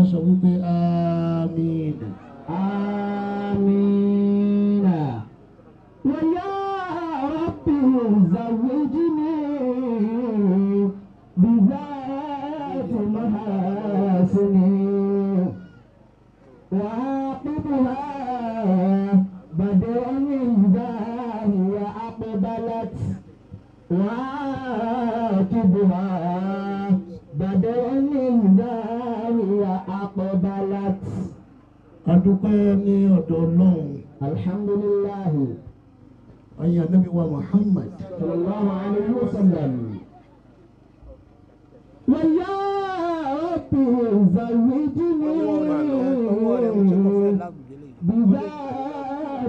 wọ́n sọ wípé amina amina wọ́n yá rabbi zawwa. adúpẹ́ ní ọ̀dọ̀ ọlọ́run. alhamdulilayi. ọ̀yin anabi wa muhammad. sallallahu alayhi wa sallam. wàyà ọ̀pẹ̀ zàwíjìnì bíbá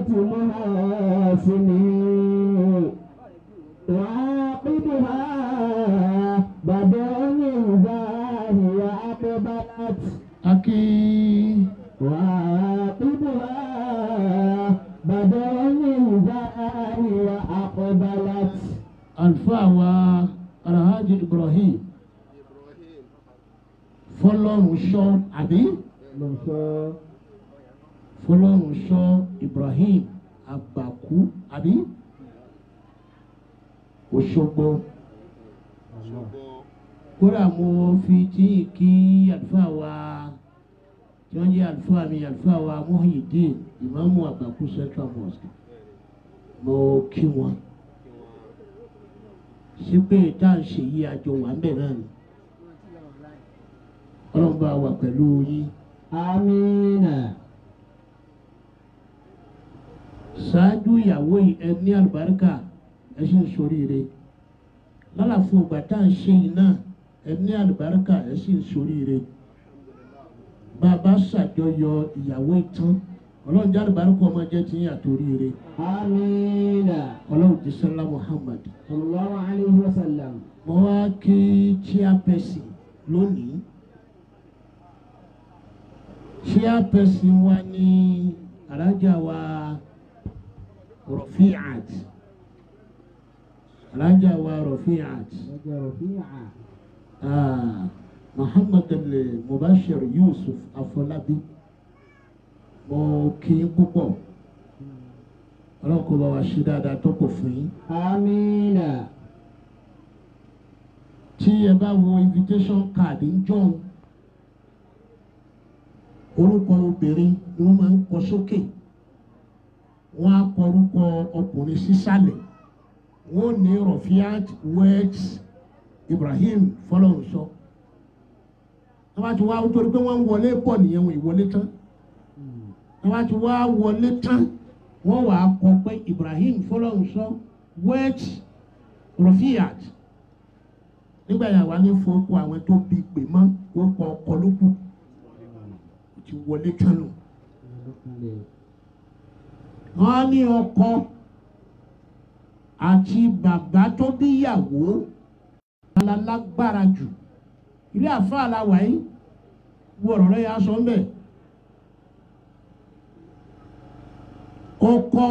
ti múra sí mi. wàá pínpín bàbá ẹni ìgbà yà á pẹ́ bá àlùfáà wa alhaji ibrahim fọlọ́run ṣọ́ àbí fọlọ́run ṣọ́ ibrahim àgbàkú àbí òṣogbo kódà mo fi tí kí àlùfáà wa tí wọ́n jẹ́ àlùfáà mi àlùfáà wa Muhyiddin ìmáàmù àgbàkú central mosque mo kí wọn sí pé tá à ń ṣe yí àjọ wà ń bẹ̀ náà ni ọlọ́run bá wà pẹ̀lú yín. amínà. ṣáájú ìyàwó yìí ẹ ní àlùbáríkà ẹ ṣe lálàfo ìgbà tá à ń ṣe yìí náà ẹ àlùbáríkà ẹ sì bàbá ṣàjọyọ̀ ìyàwó ìtàn ọlọ́run jáde barúkọ ọmọ jẹ́ ti yín àtòrí rẹ. amiina. ọlọ́run ti sọ́lá muhammad. sallallahu alayhi wa sallam. mo wá kí chairperson lónìí. chairperson wa ní alájà wa rọfíàt. alájà wa rọfíàt. alájà rọfíàt. Ah, muhammad al mubashir yusuf afọlábí mo kí yín púpọ̀ ọlọ́run kó bá wa ṣe dáadáa tó kò fún yín. amínà. tí ẹ bá wo invitation card ń jọun orúkọ obìnrin ni wọ́n máa ń kọ sókè wọ́n á kọ orúkọ ọkùnrin sísàlẹ̀ wọ́n ní Rafiat Wex Ibrahim Fọlọ́runṣọ́ tó bá ti wá ó torí pé wọ́n ń wọlé pọ̀ nìyẹn wọn ìwọlé tán wọ́n á ti wá wọlé tán wọ́n wà á kọ pé Ibrahim fọlọ́run sọ wet rofiyat nígbà yà wá ní fọ́ọ̀kọ́ àwọn tó bí pè mọ́ wọ́n kọ ọkọ ló kù ti wọlé tán nù. wọ́n ní ọkọ àti bàbá tó bíyàwó alálágbára jù ilé àfáà la wà yìí wọ̀rọ̀ lọ́yà sọ́ńbẹ́ẹ́. ọkọ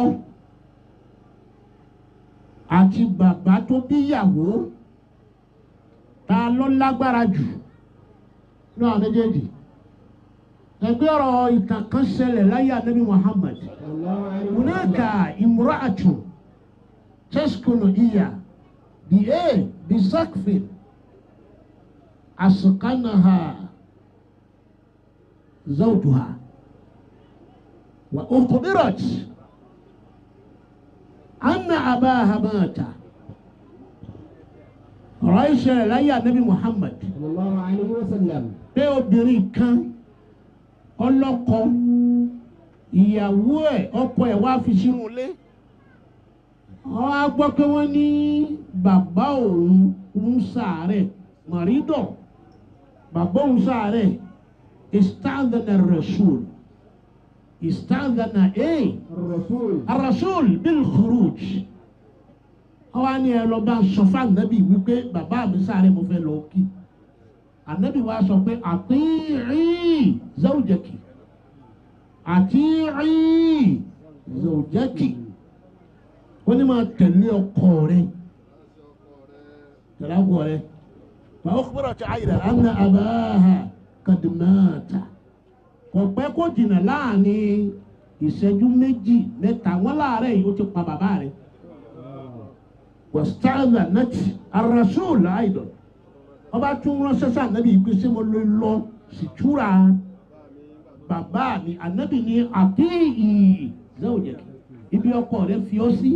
àti bàbá tó bíyàwó ta ló lágbára jù ní àwọn méjèèjì ẹgbẹ́ ọ̀rọ̀ ìtàn kan ṣẹlẹ̀ láyé anabi Muhammad hunaka imra'atu tẹ́sikùnù ìyá bìyẹ́ e, bìsákfin asukanaha zawduha wa okubirat anna abaha mata ọ̀rọ̀ yìí ṣẹlẹ̀ láyé anabi muhammad pé obìnrin kan ọlọ́kọ ìyàwó ẹ̀ ọkọ ẹ̀ wá fi sínú ilé wọ́n gbọ́ pé wọ́n ní bàbá òun ń ṣàárẹ̀ mọ̀rídọ̀ bàbá òun ṣàárẹ̀ istadana rasul ìstáǹdàna ẹ̀ arasul bil khuruj àwa ni ẹ lọ bá sọ fún anabi wípé bàbá mi sáré mo fẹ́ lọ kí anabi wa sọ pé àtìrì zawjaki àtìrì zawjaki wọ́n ní máa tẹ̀lé ọkọ rẹ̀ tẹ̀lé ọkọ rẹ̀ báwo kúrò tí a yìí rẹ̀ ana abaha kadimata kò pẹ́ kó jìnnà láàrin ìṣẹ́jú méjì mẹ́ta wọ́n láàárẹ̀ yìí ó ti pa bàbá rẹ̀ wàstáàlà nàti arasóòlù àìdọ̀ ọba tún ránṣẹ́ sáà nàbí ìgbé sí mo lè lọ sìtúra bàbá mi ànábì ní àkéyì zẹ́wòjẹ́ ibi ọkọ rẹ̀ fi ọ́ sí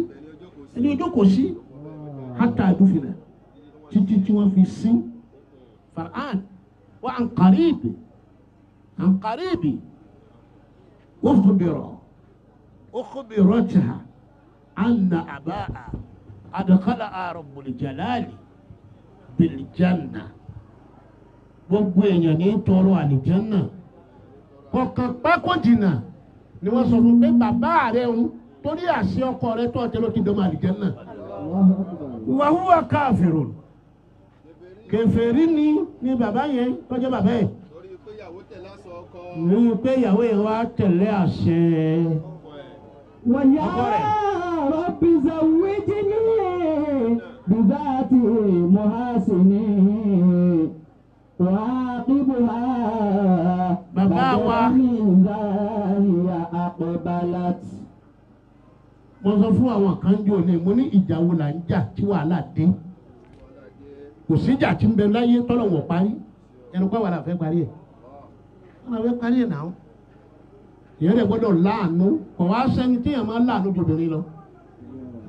ẹni ojú kò sí hátà àdúfinà títí tí wọ́n fi sin farhan wa àǹkárí ìbẹ̀. عن قريب أخبر أخبرتها أن أباء أدخلها رب الجلال بالجنة gbogbo èèyàn ní tọrọ àlìjánà ọkàn pákó jìnnà ni wọ́n sọ fún pé bàbá rẹ ń torí àṣẹ ọkọ rẹ tó ọtẹ ló ti dọmọ àlìjánà. wàhùwà káfíròn kèfèrí ni ni bàbá yẹn tó bàbá yẹn nínú pé ìyàwó yẹn wá tẹ̀lé àṣẹ. wọ̀nyá rọ́bì zàwíjì ní bùbá àti mọ́hásìnì wà á kíbu ha. bàbá wa mo sọ fún àwọn kan jò ní mo ní ìjà wo là ń jà tí wàhálà dé kò síjà tí ń bẹ láyé tọ́lọ̀ wọ̀ parí ẹnu pé wàhálà fẹ́ parí ẹ̀ ọ̀nà wẹ́ parí ẹ̀ náà ìyẹn rẹ̀ gbọ́dọ̀ láàánú kò wá sẹ́ni téèyàn máa láàánú ju obìnrin lọ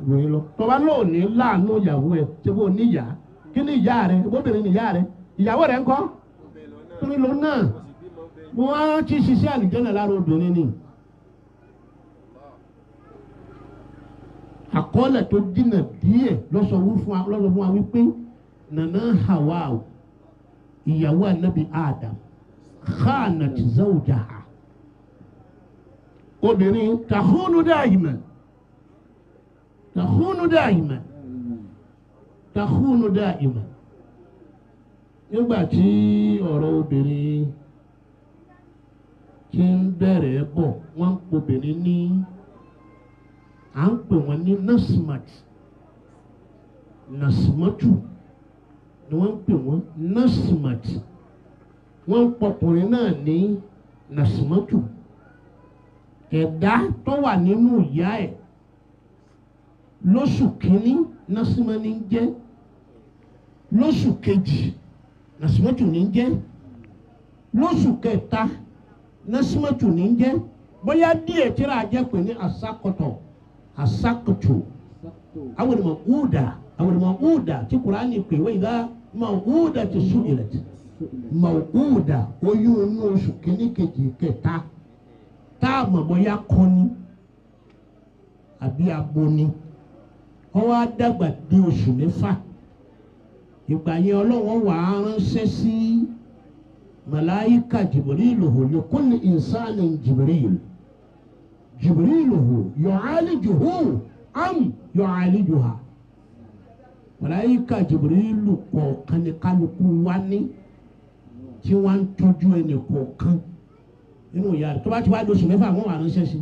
obìnrin lọ tó bá lóò ní láàánú ìyàwó ẹ̀ tí wọ́n ní ìyá kí ni ìyá rẹ̀ obìnrin ni ìyá rẹ̀ ìyàwó rẹ̀ ńkọ́ torí ló náà wọ́n á ti ṣiṣẹ́ àlùjọ́nà lára obìnrin ni. àkọọ́lẹ̀ tó dínà díẹ̀ lọ́sọ̀ fún wa wípé nànà Hawa ìyàwó ànábì Adam. خانت زوجها. obìnrin tahunu dahima tahunu dahima tahunu dahima nígbà tí ọ̀rọ̀ obìnrin ti ń bẹ̀rẹ̀ bọ̀ wọ́n ń pobìnrin ní à ń pè wọ́n ní nasmat nasmatu ni wọ́n ń pè wọ́n nasmat. nasmat wọ́n ń pọkùnrin náà ní nàṣìmọ́tù ẹ̀dá tó wà nínú ìyá ẹ̀ lóṣù kínní nàṣìmọ́ ní ń jẹ́ lóṣù kejì nàṣìmọ́tù ní ń jẹ́ lóṣù kẹta nàṣìmọ́tù ní ń jẹ́ bóyá díẹ̀ tí ra jẹ́ pé ní asakọ̀tọ̀ asakọ̀tù àwọn ènìyàn wúdà àwọn ènìyàn wúdà tí kùránì pè wọ́n ìdá máa wúdà ti sùn ìrẹ̀tì mọ̀kúùdà oyún inú oṣù kínní kejì kẹta tá a mọ̀ bóyá kọ́ni àbí aboni wọ́n wá dàgbà di oṣù mẹ́fà ìgbà yẹn ọlọ́wọ́n wà á ránṣẹ́ sí màláyíkà jìbìrìlùhù lìkúlì ìsánì jìbìrìlù jìbìrìlùhù yọ̀álìjùhù am yọ̀álìjùhà màláyíkà jìbìrìlù kọ̀ọ̀kan ní kálukú wá ní tí wọ́n á ń tọ́jú ẹnì kọ̀ọ̀kan nínú ìyá rẹ̀ tó bá ti wá lóṣù mẹ́fà wọ́n wà ránṣẹ́ sí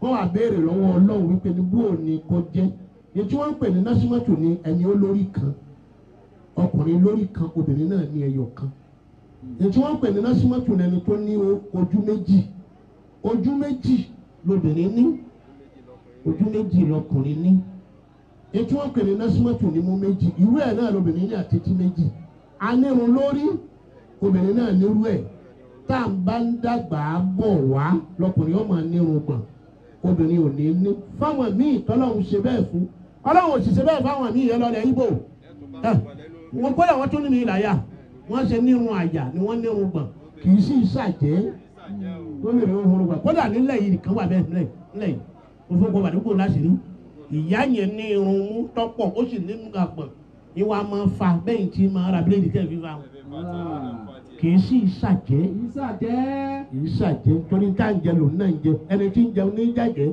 wọ́n wà béèrè lọ́wọ́ ọlọ́run wípé ní bó ní kó jẹ́ ní tí wọ́n ń pè ní násímọ́tò ní ẹni olórí kan ọkùnrin lórí kan obìnrin náà ní ẹyọ kan ní tí wọ́n ń pè ní násímọ́tò ní ẹni tó ní ojú méjì ojú méjì lobìnrin ní ojú méjì lọkùnrin ní ní tí wọ́n ń pè ní násímọ́tò ní mú méjì ìwé ẹ̀ náà lobìnrin ní àtẹ́tí méjì anírun lórí obìnrin náà nírú ẹ̀ tá à ń bá ń dàgbà bọ̀ wá lọkùnrin ọmọ nírun gbọ̀n obìnrin ò ní ní fáwọn míì tọ́lọ́hún ṣe bẹ́ẹ̀ fún ọlọ́run ò bẹ́ẹ̀ fáwọn míì yẹn lọ́lẹ̀ ibo wọn gbọ́dọ̀ wọ́n tún nínú ìlàyà wọ́n ṣe nírun àyà ni wọ́n nírun gbọ̀n kì í sì ṣàjẹ́ lórí òhun gbà kódà nílẹ̀ yìí nìkan wà bẹ́ẹ̀ nílẹ̀ nílẹ̀ yìí òfin gbọ́ bàdúgbò láti rí ìyá yẹn ní irun mú tọ́pọ̀ ìwà máa fa bẹ́ẹ̀ tí máa ra bíléèdì tẹ̀ fífa wọn kì í sì ṣàjẹ́ kì í ṣàjẹ́ torí tá à ń jẹ lòun náà ń jẹ ẹni tí ń jẹun ní jàjẹ́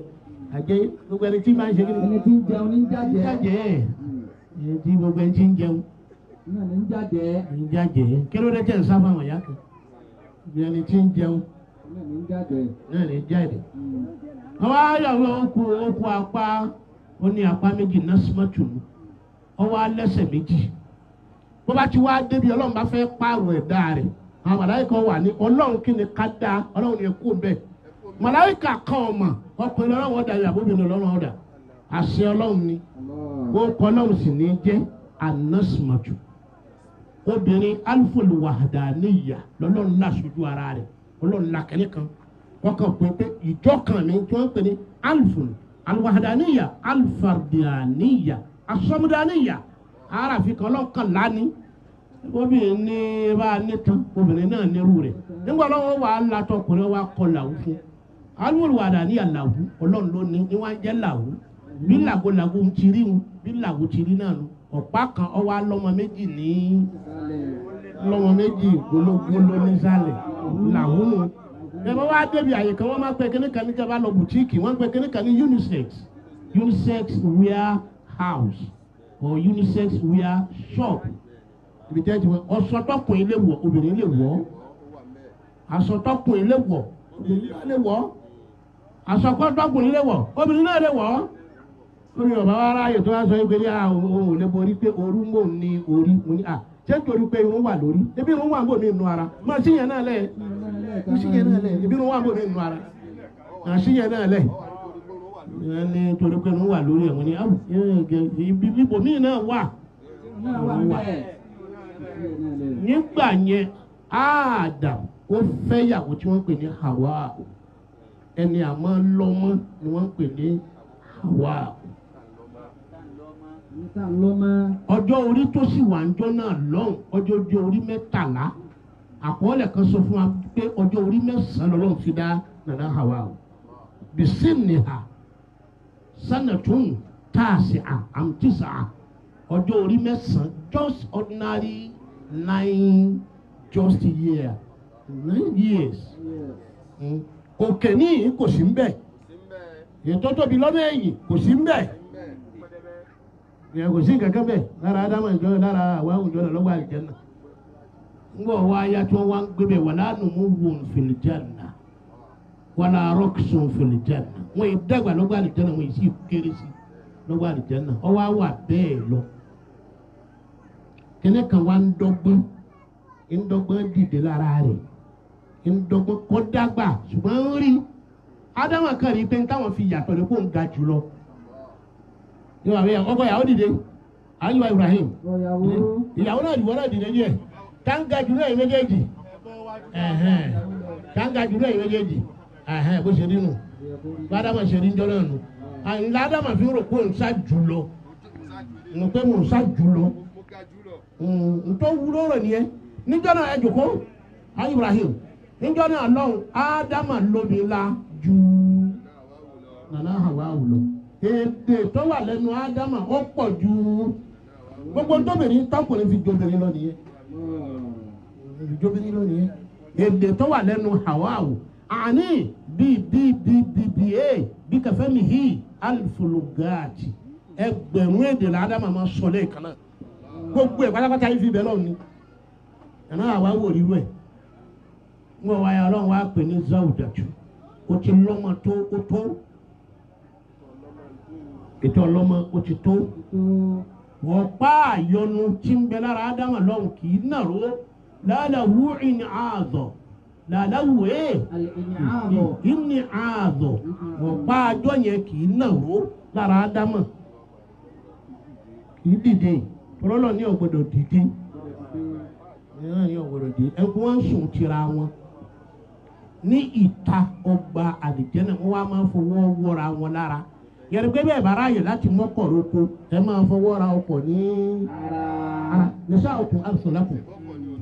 àjẹ́ gbogbo ẹni tí máa ń ṣe kí ni ẹni tí ń jẹun ní jàjẹ́ ẹni tí gbogbo ẹni tí ń jẹun ní jàjẹ́ ní jàjẹ́ kí ló dé tẹ̀ ń sáfà wọ̀nyá kan ẹni tí ń jẹun náà ní jàjẹ́ ọwọ́ ayọ̀ ló ń hmm. ku apá ó ní apá méjì náà ọwọ́ alẹ́sẹ̀ méjì bó bá ti wá débi ọlọ́run bá fẹ́ pààrọ̀ ẹ̀dá rẹ̀ àwọn màláìka wà ní ọlọ́run kí ni ká dá ọlọ́run yẹn kú bẹ́ẹ̀ màláìka kan ọmọ ọkùnrin ọlọ́run ọ̀dà yìí àbóbìnrin ọlọ́run ọ̀dà àṣẹ ọlọ́run ni orúkọ ọlọ́run sì ní jẹ́ anásùmọ̀jù obìnrin alifolu wàhádà níyà lọ́lọ́run láṣojú ara rẹ̀ ọlọ́run làkẹ́lẹ́ kan wọ́n kàn pé pé ìjọ kan mi tí wọ́n pè ní alifolu alwahadaniya alifardaniya asọmudaniya. aráàfin kan ka ni obìnrin ní bá a ní tán obìnrin náà nírú rẹ̀ nígbà lọ́wọ́ wà á latọ̀ ọkùnrin wa kọ làwù fún alúwòlùwàdà ní àlàwù ọlọ́run ló ní ní wọ́n jẹ́ làwù bí làgòlàgò ń ti rí bí làwù náà nù ọ̀pá kan ọwọ́ alọ́mọ kan wọ́n máa pẹ́ bá lọ bùtíìkì wọ́n pẹ́ ní unisex unisex wear or unisex wear shop ibi tẹ́ ti wọ ọ̀sán tọkùnrin lè wọ̀ obìnrin lè wọ̀ aṣọ tọkùnrin lè wọ̀ obìnrin náà lè wọ̀ aṣọ tọkùnrin lè wọ̀ obìnrin náà lè wọ̀ lórí ọ̀bá wa ráàyè tó wá sọ yìí pé ní àwọn ò lè borí pé mò ń ní orí mo ní à ṣé nítorí pé irun wà lórí ebi irun wà ń bò mí nu ara máa ṣíyẹn náà lẹ̀ ebi irun wà ń bò mí nu ara máa náà lẹ̀. ìyẹn ní torí pé mo wà lórí ẹ̀wọ̀n ni ibi bíbo míì náà wà nígbà yẹn Adam ó fẹ́yàwó tí wọ́n pè ní Hawa ẹni àmọ́ lọ́mọ ni wọ́n pè ní Hawa ọjọ́ orí tó sì wà ńjọ́ náà lọ́hùn ọjọ́ orí mẹ́tàlá àkọọ́lẹ̀ kan sọ fún wa pé ọjọ́ orí mẹ́sàn-án dá nàdá Hawa sanatun taasi a amtisa a ọjọ́ orí mẹ́sàn just ordinary nine just year nine years hmm. òkè níyì kò sí mbẹ̀ ètò tóbi lọ́nà ẹ̀yìn kò sí mbẹ̀ kò sí kankan bẹ̀ lára adamu ìjọ lára àwọn àwùjọ náà lọ́wọ́ àlìjẹ́ náà ń bọ̀ wá ayá tí wọ́n wá ń gbé bẹ̀ wà lánàá mú wọn fìlìjà nù. wọn arọ sùn fìlìjàn wọn yìí dàgbà lọ́gbà àlìjàn náà wọn yìí sì kéré sí lọ́gbà àlìjàn náà ọwọ́ àwà bẹ́ẹ̀ lọ. kẹ́nẹ́ kan wá ń dọ́gbọ́n ń dọ́gbọ́n dìde lára rẹ̀ ń dọ́gbọ́n kọ́ dàgbà ṣùgbọ́n rí ádámà kan rí pé táwọn fi yàtọ̀ kó ń ga jù lọ. yóò wáyé ọgbọ́n yàwó dìde àyùwá Ibrahim ìyàwó náà ìwọ náà dìde yẹ táǹgà jù náà ìméjèèjì táǹgà jù náà bó ṣe rí ládàmà ṣe rí njọ́ náà nù ládàmà fi rò pé òun jùlọ mo pé jùlọ ntọ́ wúlò rẹ̀ nìyẹn níjọ́ náà jòkó ayé Ibrahim níjọ́ náà lọ́hùn la èdè tó wà lẹ́nu ó pọ̀ gbogbo ntọ́bìnrin tọkùnrin fi lọ nìyẹn èdè tó wà lẹ́nu ani bi bi bi bi bi e bi hi alifologaati ẹgbẹ̀rún èdè la adama ma sọ lé gbogbo ẹ pátápátá yìí fi lọ ni àwa wò rí wẹ wa yà Ọlọ́run wa pè ní o ti lọ́mọ tó o tó ètò ọlọ́mọ o ti tó ọ̀pá àyọnu tí adama kì í nàró wúrin làláwò ẹ ìní ààbò ọ̀pá àjọ yẹn kì í nàró lára ádámọ̀ kì í dìde rọ́lọ́ ní ọ̀gbọ́dọ̀ dìde ìran ní dìde sùn tira wọn ní ìta ọgbà àdìjẹ́nà wọn wá máa fọwọ́ wọra wọn lára yẹri pé bẹ́ẹ̀ láti mọ́kọ̀ roko ẹ máa ah,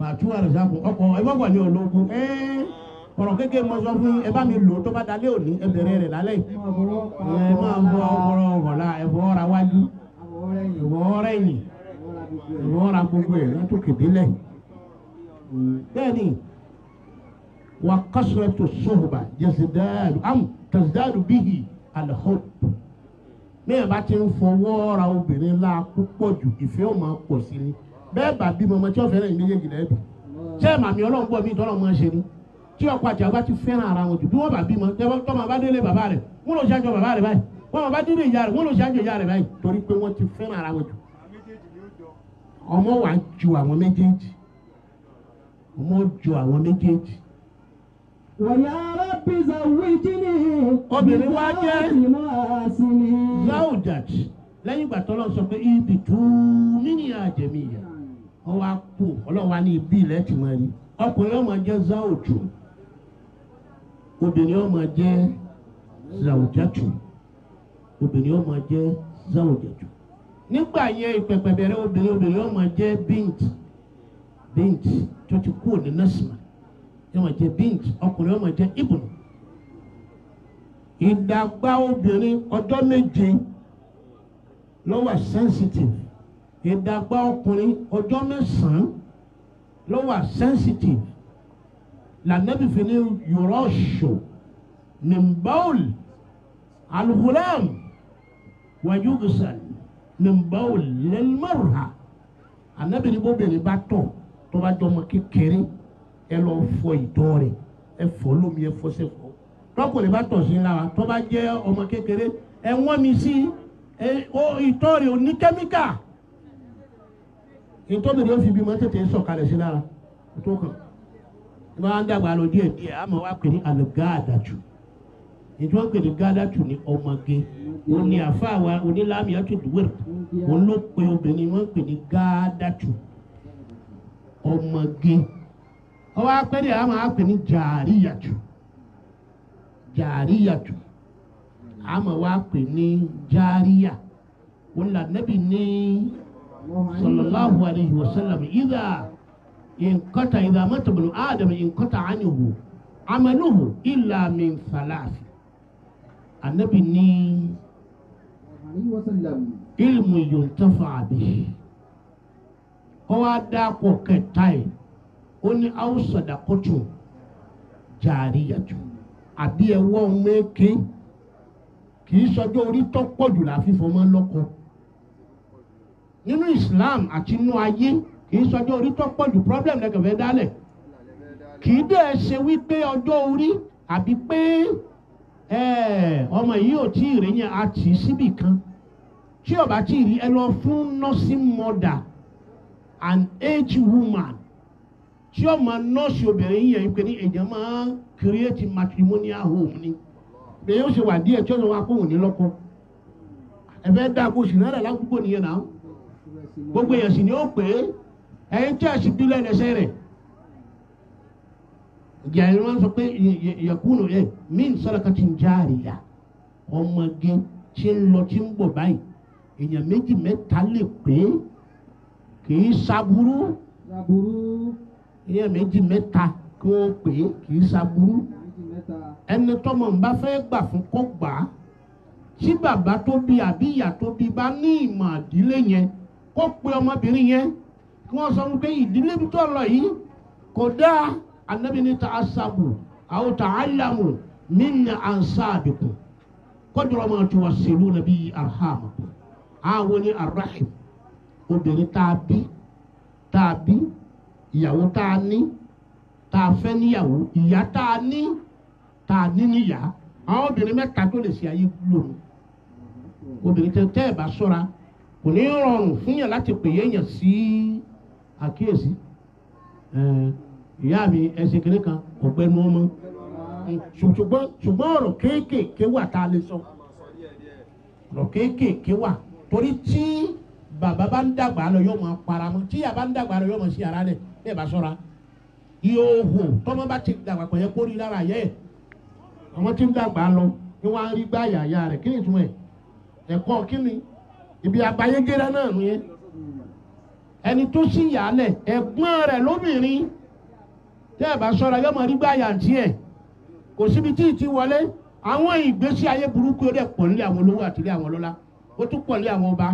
fàtú àrùsákùn ọkọ̀ ẹ mọ̀gbọ̀n ní ológun ọ̀rọ̀ kékeré mọ sọ fún ẹ bá mi lò tó bá dalé òní ẹ bẹ̀rẹ̀ rẹ̀ lálẹ́ ẹ máa ń bọ ọpọlọ ọ̀la ẹ̀fọ́ ọ̀ra wájú ẹ̀fọ́ ọ̀rẹ́ yìí ẹ̀fọ́ ọ̀ra gbogbo ẹ̀ lọ́tò kìdílẹ̀ bẹ́ẹ̀ni wà kásùrẹ́ tó sóhùbà jẹ̀sídáàdù àmù tẹ̀sídáàdù bíhì àlẹ́họ́p mẹ́ẹ̀ bá ti ń fọwọ́ ra obìnrin lá púpọ̀ jù ìfẹ́ ò máa pọ̀ sí ni bẹ́ẹ̀ bá bímọ ọmọ tí ó fẹ́ràn ìméjèèjì lẹ́bi ṣé màmí ọlọ́run pọ̀ mí tọ́lọ́ máa ṣe mú tí ọkọ àti àwọn bá ti fẹ́ràn ara wọn jù bí wọ́n bá bímọ tọ́mọ bá délé bàbá rẹ̀ wọ́n lọ ṣáájú bàbá rẹ̀ báyìí wọ́n bá délé ìyá rẹ̀ wọ́n lọ ṣáájú ìyá rẹ̀ báyìí torí pé wọ́n ti fẹ́ràn ara wọn jù ọmọ wa ju àwọn méjèèjì ọmọ ju àwọn méjèèjì. wọ̀nyá arábìsà wíjìnì. obìnrin wa jẹ́ lẹ́yìn ìgbà tọ́lọ́ sọ pé ibi tún nínú àjẹmí wọ́n wá kú ọlọ́run wá ní ibi ilẹ̀ tì máa rí ọkùnrin ọmọ jẹ́ záòtù obìnrin ọmọ jẹ́ zàwùjátù obìnrin ọmọ jẹ́ zàwùjátù nígbà yẹn ìpẹ̀pẹ̀ obìnrin obìnrin ọmọ jẹ́ bint bint tó ti kú ní nọ́ọ̀sìmà ọmọ jẹ́ bint ọkùnrin ọmọ jẹ́ ibùn ìdàgbà obìnrin ọjọ́ méje ló sensitive ìdàgbà ọkùnrin ọjọ́ mẹ́sàn-án ló wà sensitive lànàbì fi ní yòrọ́ṣù nìmbáwòl alhulam wàjúgùsàn nìmbáwòl lẹ́lmọ́rùhà ànàbì ní bóbìnrin bá tọ̀ tó bá jọ ọmọ kékeré ẹ lọ fọ ìtọ́ rẹ̀ ẹ fọ lómi ẹ fọ sẹ́fọ tọkùnrin bá tọ̀ sí lára tó bá jẹ́ ọmọ kékeré ẹ wọ́n mi sí ìtọ́ rẹ̀ oní kẹ́míkà ìtọ́bìnrin ó fi bímọ tètè sọ̀kalẹ̀ sí lára tó kàn ìgbà wọn dàgbà lọ díẹ̀ díẹ̀ àmọ́ wàá pè ní àlùgáàdàjù ìjọ ń pè ní gádàjù ní ọmọge òun ni àfáàwà onílàmì àtúndúwẹ̀ òun ló pe obìnrin wọn pè ní gádàjù ọmọge ọwọ́ apẹ́rẹ́ àmọ́ wàá pè ní jàríyàjù jàríyàjù àmọ́ wàá pè ní jàríyà òun là nẹ́bì ní sallallahu alaihi wasallam idha inqata idha mata ibnu adam inqata anhu amaluhu illa min thalathi anabi ni ilmu yuntafa bihi ó wá dáko kẹta yìí ó ní aw sadaqatu jariyatu àbí ẹwọ́ mẹ́kẹ́ kì í sọjọ́ orí tó pọ̀jù láfífọ́ máa ń lọ́kọ̀ọ́ nínú Islam àti inú ayé kì í sọjọ́ orí tó pọ̀ ju problem lẹ́kẹ̀fẹ́ dálẹ̀ kì í dẹ̀ ṣe wípé ọjọ́ orí àbí pé ọmọ yìí ò tí ì rí yẹn a tì í síbì kan tí ó tí ì rí ẹ lọ fún nursing mother an age woman tí ó máa nọ́ọ̀sì obìnrin yẹn pé ní èèyàn máa create matrimonial home ni bẹ́ẹ̀ yóò ṣe wà díẹ̀ tí ó sọ wá kóhùn ní lọ́kọ ẹ̀fẹ́ dáa kó sì náírà lákòókò nìyẹn náà gbogbo èèyàn sì ni ó pè é ẹ̀yin tí a sì dúró ẹlẹ́sẹ̀ rẹ̀ ìjà wọn sọ pé ìyẹ̀kúnù ẹ̀ eh, min sadaqatin jariyah ọmọge tí ń lọ tí ń bọ̀ báyìí èèyàn méjì mẹ́ta lè pè é kì í ṣaburú èèyàn méjì mẹ́ta kí wọ́n pè é kì í ṣaburú ẹni tọmọ ń bá fẹ́ gbà fún kọ́ gbà á tí bàbá tó bí àbí ìyá tó bí bá ní ìmọ̀ àdílé yẹn kó pe ọmọbìnrin yẹn kí wọ́n sọ pé ìdílé tó lọ yìí kò dáa anabi ní ta asabu àwọn ta alamu minna ansaabiku kọjọrọ máa tún wá sílùú nàbí arham àwọn ní arahim obìnrin tá a bí tá a bí ìyàwó tá a ní tá a fẹ́ níyàwó ìyá tá a níyà àwọn obìnrin mẹ́ta tó lè ṣe ayé lónìí obìnrin tẹ́ ẹ bá ṣọ́ra kò ní rọrùn fún yàn láti pè yéèyàn sí àkíyèsí ìyá mi ẹsẹ̀ kéré kan ọ̀gbẹ́nu ọmọ ṣùgbọ́n ṣùgbọ́n ọ̀rọ̀ kéékèèké wà tá a lè sọ ọ̀rọ̀ kéékèèké wà torí tí bàbá bá ń dàgbà lọ yóò máa para mọ́ tí yàrá bá ń dàgbà lọ yóò máa ṣe ara rẹ̀ bẹ́ẹ̀ bá ṣọ́ra ìhòòhò tọ́mọ bá ti dàgbà pẹ̀lú kó rí lára ayẹ́ ẹ̀ ọmọ tí ń dàgbà lọ ni wọ́n á rí gbá yàyà rẹ̀ kí ni ìtumọ̀ ẹ̀ ẹ̀kọ́ kí ni ibi àbáyégéra náà nù yẹn ẹni tó sì yàálẹ̀ ẹ̀gbọ́n rẹ̀ lóbìnrin tẹ́ ẹ̀ bá sọ́ra yóò mọ̀ nígbà yàǹtí ẹ̀ kò síbi tí ì ti wọlé àwọn ìgbésí ayé burúkú yóò dẹ̀ pọ̀ nílé àwọn olówó àtìlé àwọn ọlọ́lá ó tún pọ̀ nílé àwọn ọba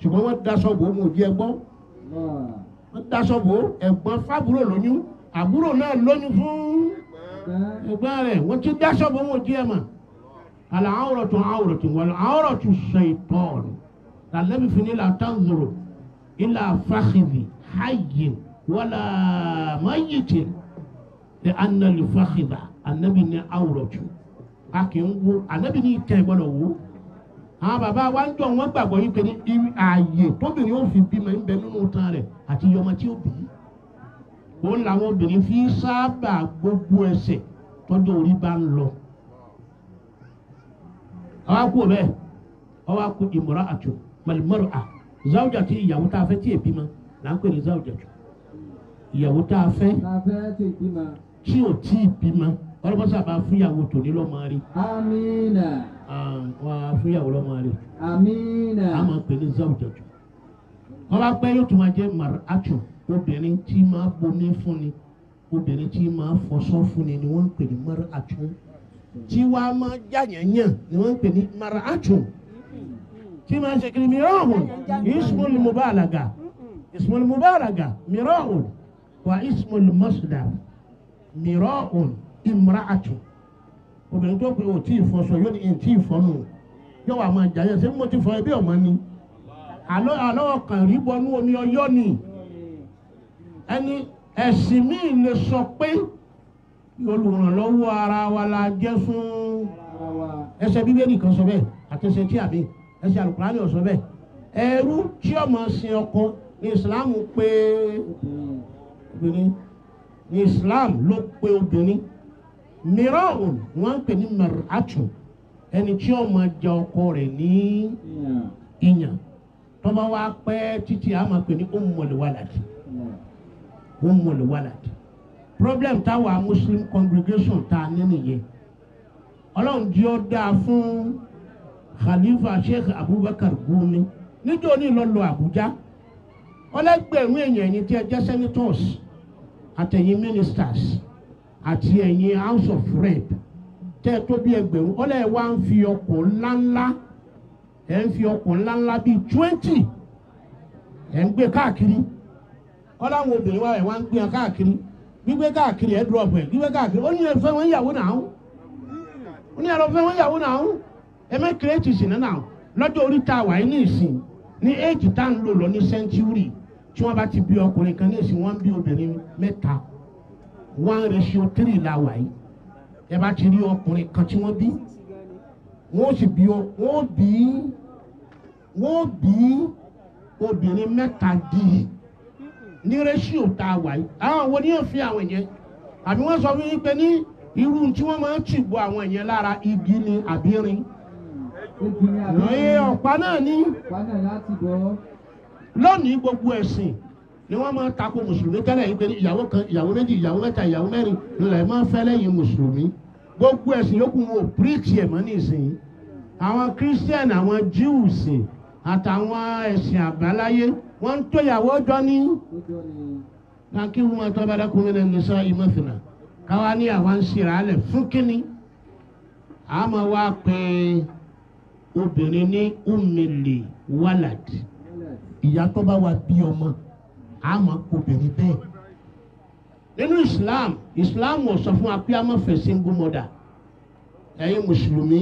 ṣùgbọ́n wọ́n daṣọ bò ó mọ̀ òbí ẹgbọ́n wọ́n daṣọ bò ó ẹ̀gbọ́n fábúrò lóyún àbúrò náà lóyún fún ẹ̀gbọ́n rẹ̀ wọ́n ti daṣọ bò ó mọ̀ òbí ẹ̀ mọ̀ àlà àwòrán tún àwòrán tún wọlé àwòrán tún ṣe ìtọ́ọ̀rọ̀ làlẹ́bí fi ní la tanzuru ilà fàkìdì hayyin wàlà mayiti ní anali fàkìdà anabi ní awùrọ̀tù a kì í wo anabi ní ìtẹ́ gbọ́dọ̀ wo àwọn bàbá wa ń jọ wọn gbàgbọ́ yìí pé ní ààyè tóbìnrin ó fi bímọ ń bẹ nínú tán rẹ̀ àti yọmọ tí ó bì í òun làwọn obìnrin fi sábà gbogbo ẹsẹ̀ tọ́jú orí bá ń lọ ọwọ́ kú bẹ́ẹ̀ ọwọ́ kú ìmúra àtúntò malimọ́rọ̀ à záwùjà tí ìyàwó tá a fẹ́ tí èbí ma là ń pè ní záwùjà jù ìyàwó tá a fẹ́ tí ò tí ì bí ma ọlọ́mọsá bá fúnyàwó tòní lọ́mọ rí. amina. wà á fúnyàwó lọ́mọ rí. amina. a máa pè ní záwùjà jù wọ́n bá pẹ́ yóò tún máa jẹ́ mara àtún obìnrin tí máa bomi fún ni obìnrin tí máa fọṣọ fún ni ni wọ́n ń pè ní mara àtún tí wàá máa yàyàn yàn ni wọ́n ń pè ní mara àtún kí máa ṣe kiri mìíràn ismul mubalaga ismul mubalaga mìíràn wa ismul masdar mìíràn imra'atu obìnrin tó pe òtí ìfọsọ yóò ní ìtí ìfọnù yóò wà máa jàyẹ ṣé mo ti fọ ẹbí ọmọ ni àlọ́ àlọ́ ọkàn rí bọnú omi ọyọ́ ni ẹni ẹ̀sìn míì lè sọ pé olùrànlọ́wọ́ ara wa la jẹ́ fún ẹsẹ̀ bíbélì kan sọ bẹ́ẹ̀ àtẹ̀sẹ̀ tí àbí ẹsẹ̀ alukurani ọ̀sọ́ bẹ́ẹ̀ ẹrú tí ọmọ sin ọkọ ní islam pé obìnrin ní islam ló pé obìnrin mìíràn wọn ń pè ní mẹràtù ẹni tí ọmọ jẹ ọkọ rẹ̀ ní ìyàn tọ́ba wa pẹ́ títí a máa pè ní ọmọlẹ́wàlàdì ọmọlẹ́wàlàdì problem táwa muslim congregation ta ní nìyẹn ọlọ́run jí ó dáa fún khalifa sheikh abubakar gumi níjọ́ ní lọ́lọ́ àbújá ọlẹ́gbẹ̀rún èèyàn ẹ̀yin tí ẹ jẹ́ senators àtẹ̀yìn ministers àti ẹ̀yin house of rep tẹ́ ẹ tó bí ẹgbẹ̀rún ọlẹ́ wa ń fi ọkọ̀ ńláńlá ẹ̀ ń fi ọkọ̀ ńláńlá bíi twenty ẹ̀ ń gbé káàkiri ọlọ́run obìnrin wa ẹ̀ wá ń gbé wọn káàkiri gbígbé káàkiri ẹ̀ dúró ọ̀pọ̀ ẹ̀ gbígbé káàkiri ó ní ẹ fẹ́ wọn yàwó náà ó ní ẹ lọ fẹ́ wọn yàwó náà ó ẹ má kírètì sìnà náà lọ́jọ́ orí tá a wà ní ìsìn ní éèjì tá à ń lò lọ ní sẹ́ńtúrì tí wọ́n bá ti bí ọkùnrin kan ní ìsìn wọ́n bí obìnrin mẹ́ta one ratio three la wà yìí ẹ bá ti rí ọkùnrin kan tí wọ́n bí wọ́n sì bí wọ́n bí wọ́n bí obìnrin mẹ́ta dì í ní ratio tá a wà yìí àwọn wo ni yóò fi àwọn yẹn àbí wọ́n sọ fún yín pé ní irú tí wọ́n máa ń tìbọ̀ àwọn yẹn lára igi ni àbí irin ìròyìn ọ̀pá náà ní lónìí gbogbo ẹ̀sìn ni wọ́n máa tako mùsùlùmí tẹ́lẹ̀ yìí pé ìyàwó kan ìyàwó méjì ìyàwó mẹ́ta ìyàwó mẹ́rin lọ́la ẹ̀ máa fẹ́ lẹ́yìn mùsùlùmí gbogbo ẹ̀sìn yòókù wo píríkì ẹ̀ mọ́ nísìnyí àwọn christian àwọn jews àtàwọn ẹ̀sìn àbáláyé wọ́n ń tó ìyàwó jọ ní. kankí wọn tó bá dákúnmí náà ní sọ ìmọ̀fìnà káwa ní àwọn ń ṣe ìrànlẹ̀ fún kínní àmọ́ wá pé obìnrin ní umele walad ìyá tó bá wa bí ọmọ àmọ́ obìnrin bẹ́ẹ̀ nínú Islam Islam ò sọ fún wa pé a máa fẹ́ single mother ẹ̀yin mùsùlùmí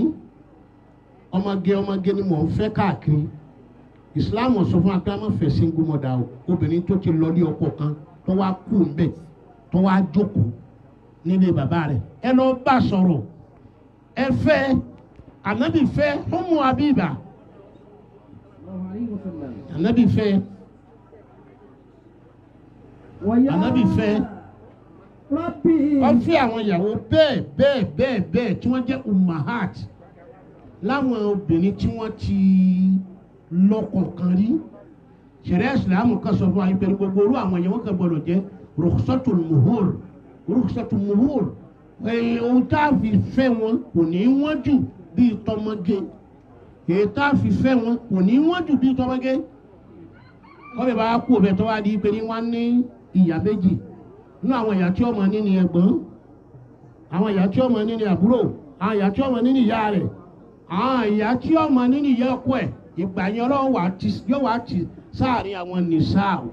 ọmọge ọmọge ni mò ń fẹ́ káàkiri Islam ò sọ fún wa pé a máa fẹ́ single mother o obìnrin tó ti lọ ní ọkọ kan tó wá kú mbẹ tó wá jókòó nílé bàbá rẹ̀ ẹ lọ bá sọ̀rọ̀ ẹ fẹ́ anabi fẹ́ ọmọ abiba anabi fẹ́ anabi fẹ́ ọfẹ àwọn ìyàwó bẹ́ẹ̀ bẹ́ẹ̀ bẹ́ẹ̀ bẹ́ẹ̀ tí wọ́n jẹ́ umahat láwọn obìnrin tí wọ́n ti lọ́kọ rí sẹ̀rẹ̀ ìsìlámù kan sọ fún wa ìbẹ̀rù gbogbo orú àwọn ìyàwó kan gbọdọ̀ jẹ́ rukhsatul muhur rukhsatul muhur ohun tá a fi fẹ́ wọn kò ní í jù bíi tọmọge èyí tá a fi fẹ́ wọn kò ní wọ́n jù bíi tọmọge kọ́bẹ̀ bá kú ọbẹ̀ tó wá di pé ní wọ́n ní ìyá méjì nínú àwọn ìyá tí ọmọ ní ni ẹ̀gbọ́n àwọn ìyá tí ọmọ ní ni àbúrò àwọn ìyá tí ọmọ ní ni ìyá rẹ̀ àwọn ìyá tí ọmọ ní ni ìyá ọkọ ẹ̀ ìgbà yẹn ọlọ́run wà ti yóò wá ti sáàrin àwọn nìsáàwò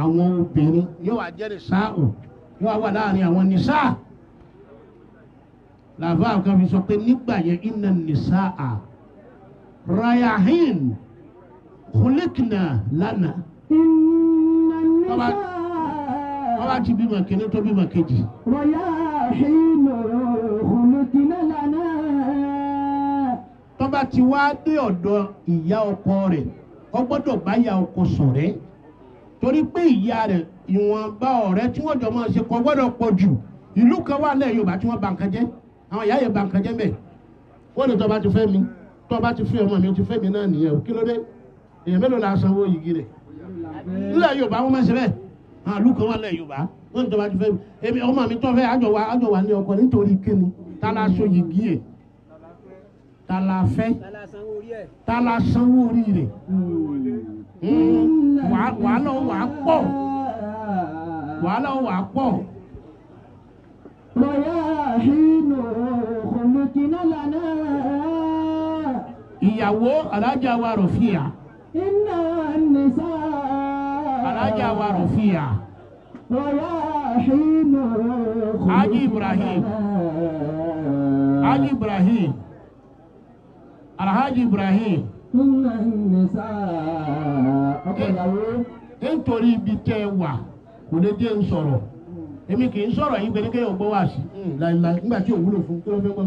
àwọn obìnrin yóò wá jẹ́ nìsáàwò yóò wá wà láàrin àwọn nìsáàwò làbá àkàn fi sọ pé nígbà yẹn iná nìsáà rayahin khulikna lana. iná nìsáà ọba ti bímọ kíní tó bímọ kejì. wọ́yá ìlò olùdílé lánàá. tọ́ba ti wá dé ọ̀dọ̀ ìyá ọkọ rẹ̀ ó gbọ́dọ̀ bá ìyá ọkọ ṣọ̀rẹ́ torí pé ìyá rẹ̀ ìwọ̀nba ọ̀rẹ́ tí wọ́n jọ máa ṣe kò gbọ́dọ̀ pọ̀ jù ìlú kan wà lẹ́yìn Yorùbá tí wọ́n bà nǹkan jẹ́ àwọn ìyá yẹn bàǹkàjẹ́ mbẹ̀ wọ́n ní tọ́ba ti fẹ́ mi tọ́ba ti fẹ́ ọmọ mi ti fẹ́ mi náà nìyẹn o kí ló dé èèyàn mélòó la sanwó yìí rẹ̀ nílẹ̀ Yorùbá wọ́n máa ń ṣe bẹ́ẹ̀ àwọn àlùkò wọn lẹ̀ Yorùbá wọ́n ní tọ́ba ti fẹ́ mi èmi ọmọ mi tọ́ fẹ́ àjọ wa àjọ wa ní ọkọ nítorí kíni tá la so yìí yẹ tá la fẹ́ tá la sanwó orí rẹ̀ wàhálà hmm, wà pọ̀ wàhálà wà pọ̀ lọ́yà hínú kòmìkínà lànà. ìyàwó alájà wa rọ̀fíà. iná nìsá. alájà wa rọ̀fíà. lọ́yà hínú kòmìkínà lànà. Ibrahim. Haji Ibrahim. Alhaji Ibrahim. iná nìsá. ọkọ ìyàwó. nítorí ibi tẹ́ ẹ wà kò lè dé ń sọ̀rọ̀ èmi kì í sọ̀rọ̀ yín pé ní kéèyàn gbọ́ wá sí hmm, láìláì nígbà tí òwúlò fún kí ló fẹ́ gbọ́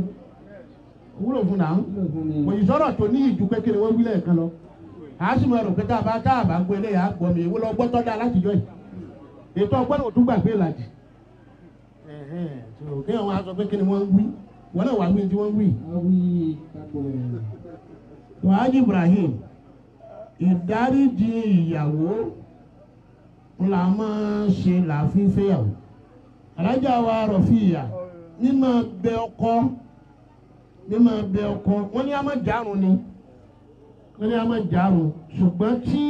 òwúlò fún náà kò sì sọ̀rọ̀ tó ní ìjú pé kiri wọ́n wílẹ̀ kan lọ a sì mọ ẹ̀rọ pé tá a bá tá a bá gbé eléyà á gbọ́ mi èwo lọ gbọ́ tọ́ da látijọ́ yìí ètò ọgbọ́n ò tún gbàgbé ìlàjì kéèyàn wá sọ pé kí ni wọ́n wí wọ́n náà wá wí tí wọ́n wí. wàhálì Ibrahim ìdáríjì ìyàwó la máa ń ṣe làáfífẹ́yàwó alájà wa rọ̀fìyà mímọ bẹ ọkọ mímọ bẹ ọkọ wọn ní a máa járun ni wọn ní a máa járun ṣùgbọ́n tí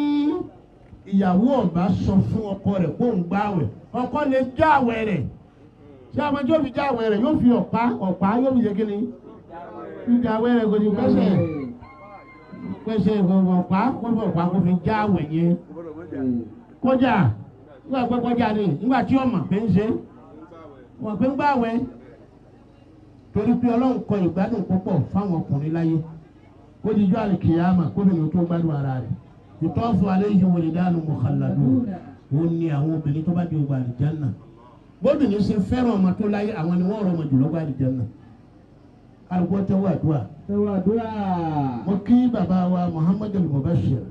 ìyàwó ọba sọ fún ọkọ rẹ̀ kó ń gbààwẹ̀ ọkọ lè já àwẹ̀ rẹ̀ ṣé àwọn ẹjọ́ fi já àwẹ̀ rẹ̀ yóò fi ọ̀pá ọ̀pá yóò fi yege ni ìjà àwẹ̀ rẹ̀ kò ní pẹ́sẹ̀ pẹ́sẹ̀ ọ̀pá kó fi ọ̀pá kó fi já àwẹ̀ yẹn kọjá nígbà pẹ́ kọjá ni nígbà tí ọmọ pé ń ṣe é wọ́n fi ń gbààwẹ̀ torí pé ọlọ́run kọ ìgbádùn púpọ̀ fáwọn ọkùnrin láyé kó jíjọ́ àlìkìyàmà kóbìnrin tó gbádùn ara rẹ̀ ìtọ́sùn alẹ́ yìí wọlé dánù mọ̀kànládùn òun ni àwọn obìnrin tó bá di ogun àlìjánà gbọ́dọ̀ ní ṣe fẹ́ràn ọmọ tó láyé àwọn ni wọ́n rọ ọmọ jùlọ gba àlìjánà arúgbó tẹ́wọ́ àdúrà. tẹ́wọ́ àdúrà. mo kí bàbá wa Muhammadu Mubashir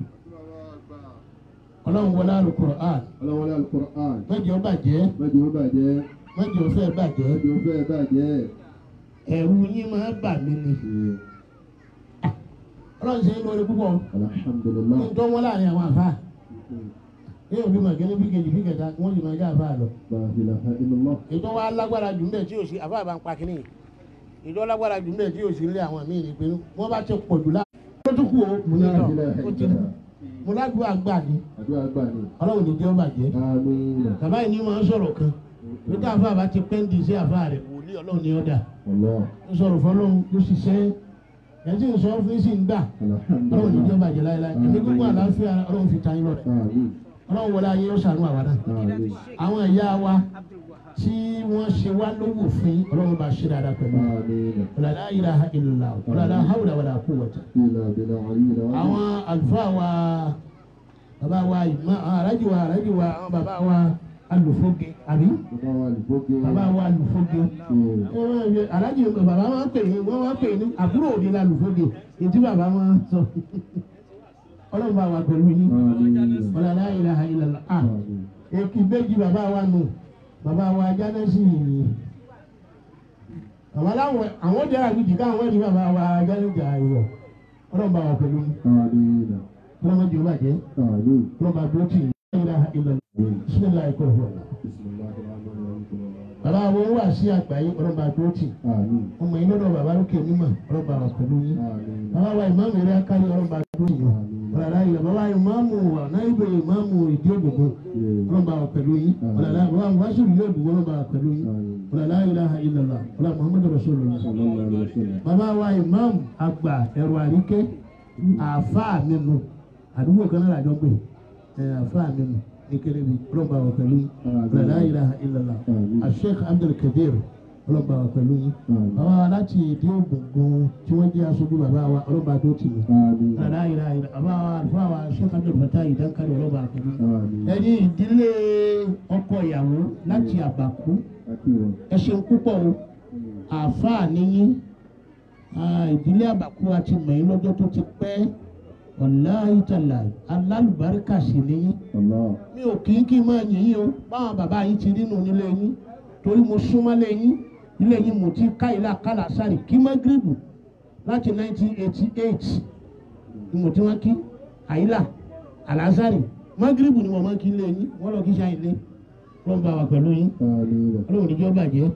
ọlọ́run wọlé alukur'an. ọlọ́run wọlé alukur'an. bẹ́ẹ̀ ni ó bàjẹ́. bẹ́ẹ̀ ni ó bàjẹ́ mọ́jọ fẹ́ bàjẹ́. mọ́jọ fẹ́ bàjẹ́. ẹ̀rù yín máa bà mí ni. ọlọ́run ṣe é lórí púpọ̀. alhamdulilayi. ní tó wọ́n láàrin àwọn àfa. Mm-hmm. ní òbí màgé ní bíkejì bíkẹta wọ́n sì máa jẹ́ àfa lọ. ìjọ wa lágbára jù mbẹ tí o sì àfa bá ń pa kínní. ìjọ lágbára jù mbẹ tí o sì lé àwọn míì ní pinnu. wọ́n bá ti pọ̀ jù lá. ó tún kú o. mo ní àdìlẹ̀ ẹ̀ mo ládùúgbò àgbà ni ọlọ́run ní jẹ́ ọ bàjẹ́ bàbá yìí ni wọ́n sọ̀rọ̀ kan níta àfa àbá ti pẹ́ǹdì sí àfa rẹ̀ wòlíì ọlọ́run ni ọ̀dà ń sọ̀rọ̀ fọlọ́run ló sì ṣe é ẹ ti ń sọ fún sí ń gbà ọlọ́run ní ìjọba àjẹ láéláé ẹ̀mí gbogbo àlàáfíà ọlọ́run fi ta yín lọ ọlọ́run wọlé ayé ó ṣàánú àwa náà àwọn ẹ̀yà wa tí wọ́n ṣe wá lówó fún ọlọ́run bá ṣe dáadáa pẹ̀lú ọ̀làdá ilaha illallah ọ̀làdá hawla wala quwwata àwọn àlùfáà wa bàbá wa ìmọ̀ àràjì wa àràjì wa àwọn bàbá wa alùfóge àbí. bàbá wa alùfóge. bàbá wa alùfóge. alájì bàbá wa pè é wọ́n wá pè é ní àbúrò òde la alùfóge ètí Baba wa sọ ọlọ́run bá wa pẹ̀lú yín ọ̀làlá ìlàhà ìlàlá à èkì méjì Baba wa nù bàbá wa jánẹ́sì yìí Baba láwọn àwọn jẹ́ àgùjì káwọn ẹ̀rí bàbá wa jánẹ́sì àyọ̀ ọlọ́run bá wa pẹ̀lú yín kúlọ́mọdé ó bàjẹ́ kúlọ́mọdé ó tì yín ilaha illallah bisimilahi kò hùwà bàbá àwọn owó àṣì àgbáyé ọlọ́ba àdóòtì ọmọ iná náà bàbá lókè mímọ́ ọlọ́ba àwọn pẹ̀lú yín bàbá wa ìmáàmù eré akárí ọlọ́ba àdóòtì yìí ọ̀làlá ilẹ̀ bàbá ìmáàmù wà náírà ìmáàmù ìdí òdòdó ọlọ́ba àwọn pẹ̀lú yín ọ̀làlá bàbá àwọn fásitì ìdí òdòdó ọlọ́ba àwọn pẹ̀lú yín ọ̀làlá ilaha illallah ọ̀là muhammadu rasulullah bàbá wa ìmáàmù Eh, fáàmì mu ní kéré bi ọlọ́ba wà pẹ̀lú yín la ilaha illallah Sheikh Abdul Kadir ọlọ́ba wà pẹ̀lú yín bàbá wa láti èdè ògùngùn tí wọ́n jẹ́ aṣojú bàbá wa ọlọ́ba tó tì mí la ilaha illallah bàbá wa àlùfáà wa Sheikh Abdul Fattah ìdánkárì ọlọ́ba pẹ̀lú ẹni ìdílé ọkọ ìyàwó láti àbàkú ẹ ṣeun púpọ̀ o àfáà níyín ah, ìdílé àbàkú àti mẹ̀yìn lọ́jọ́ tó ti pẹ́ wàláyé tàláyé alálùbáríkà sì léyìn mi ò kì í kí n máa yìnyín o báwọn bàbá yín ti rí nù nílé yín torí mo súnmọ́ lẹ́yìn nílé yín mo ti ká ilé àkàlà sáré kí mẹ́gírìbù láti 1988 ni mo ti wọ́n kí àyílà àlásárì mẹ́gírìbù ni mo máa kí lé yín wọ́n lọ kí sáyìn lé wọ́n bá wa pẹ̀lú yín ọlọ́run níjọ́ bàjẹ́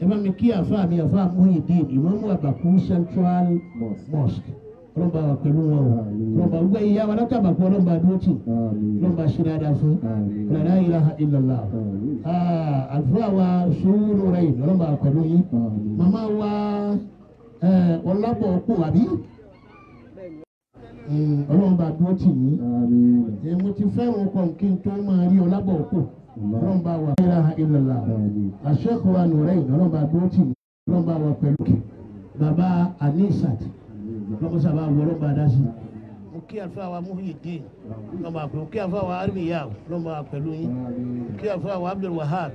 ẹ bá mi kí àfáà mi àfáà Muhyiddin Ìmáàmù Àbàkú Central Mosque ọlọ́mba wà wọn o ọlọ́mba gbogbo ìyá wa látàbà pé ọlọ́mba dúró tì ọlọ́mba fún la ilaha illallah ah, àdúrà wa sùúrù rẹ̀ yìí ọlọ́mba wà pẹ̀lú màmá wa eh, ọlọ́bọ̀ kù àbí hmm, ọlọ́mba dúró tì yín eh, ti fẹ́ràn kàn kí n tó máa rí ọlọ́bọ̀ kù ọlọ́mba wà la ilaha illallah àṣẹ́kọ̀ọ́ ànú rẹ̀ yìí ọlọ́mba dúró tì yín ọlọ́mba wà pẹ̀lú anisat lọ́kọ́sá bá wọlé bá dá sí. mo kí àlùfáà wa Muhyiddin ló máa pẹ̀lú kí àlùfáà wa arimiya ló máa pẹ̀lú kí àlùfáà wa Abdul Wahab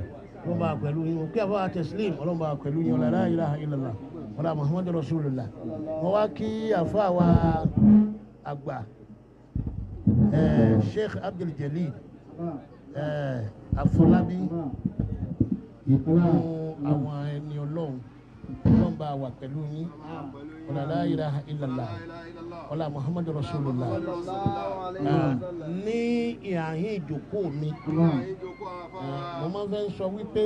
ló máa pẹ̀lú yín kí àlùfáà wa Taslim ló máa pẹ̀lú yín la ilaha illallah wala Muhammadu Rasulullah mo wá kí àlùfáà àgbà Sheikh Abdul Jalil Afolabi ìkú àwọn ẹni ọlọ́run ọlọ́run bá wà pẹ̀lú yín ọ̀là la ilaha illallah ọ̀là muhammadu rasulullah ní ìhàhín ìjòkó mi mo máa fẹ́ sọ wípé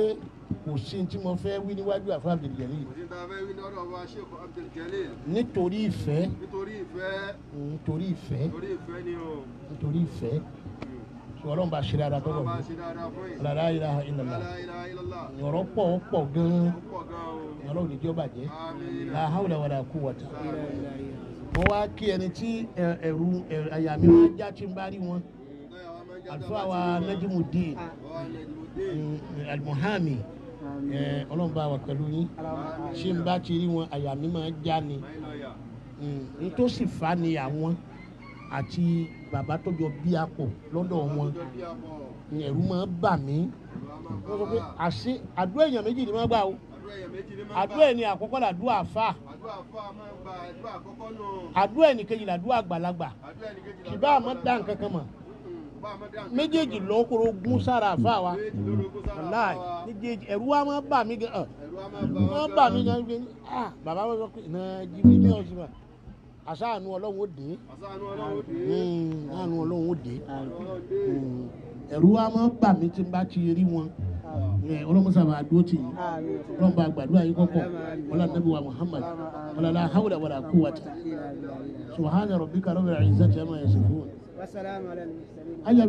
kò sí tí mo fẹ́ wí níwájú àfa abdulgali. nítorí ìfẹ́ nítorí ìfẹ́ nítorí ìfẹ́ nítorí ìfẹ́ ọlọ́run bá ṣe dáadáa tọ́kọ̀ mi la ilaha illallah ọ̀rọ̀ pọ̀ pọ̀ gan-an ọlọ́run jọba jẹ́ la hawla wala quwwata wọ́n wá kí ẹni tí ẹ̀rù àyà mi wá já tí ń bá rí wọn àlùfáà wa Najmuddin almuhami ọlọ́run bá wà pẹ̀lú yín tí ń bá ti rí wọn àyà mi máa já ni n tó sì fa ni àwọn àti bàbá tọjọ bí apò lọ́dọ̀ wọn ẹ̀rù máa bà mí wọ́n sọ pé àṣé àdúrà èèyàn méjì ni wọ́n gbà o àdúrà ẹni àkọ́kọ́ làdúrà àfà àdúrà ẹni kejì làdúrà àgbàlagbà ṣùgbọ́n àmọ́ dá nǹkan kan mọ̀ méjèèjì lọ́kọ̀rọ̀ gún sára àfà wa aláì méjèèjì ẹ̀rù wa máa bà mí gan ẹ̀ wọ́n bà mí gan ah bàbá wọn sọ pé náà jí mi ní ọ̀sùn náà àṣàánú ọlọ́run ó dé àṣàánú ọlọ́run ó dé hmm, hmm, ẹ̀rù wa máa ń bà mí tí n bá ti rí wọn eh, ọlọ́mọsàmà àdúró tì yín ọlọ́mọba àgbàdúrà yín kọ́kọ́ wọlé anabi wa muhammad wàlálà hawla wàlà quwwata subhana rabbika rabbil izzati amma yasifun.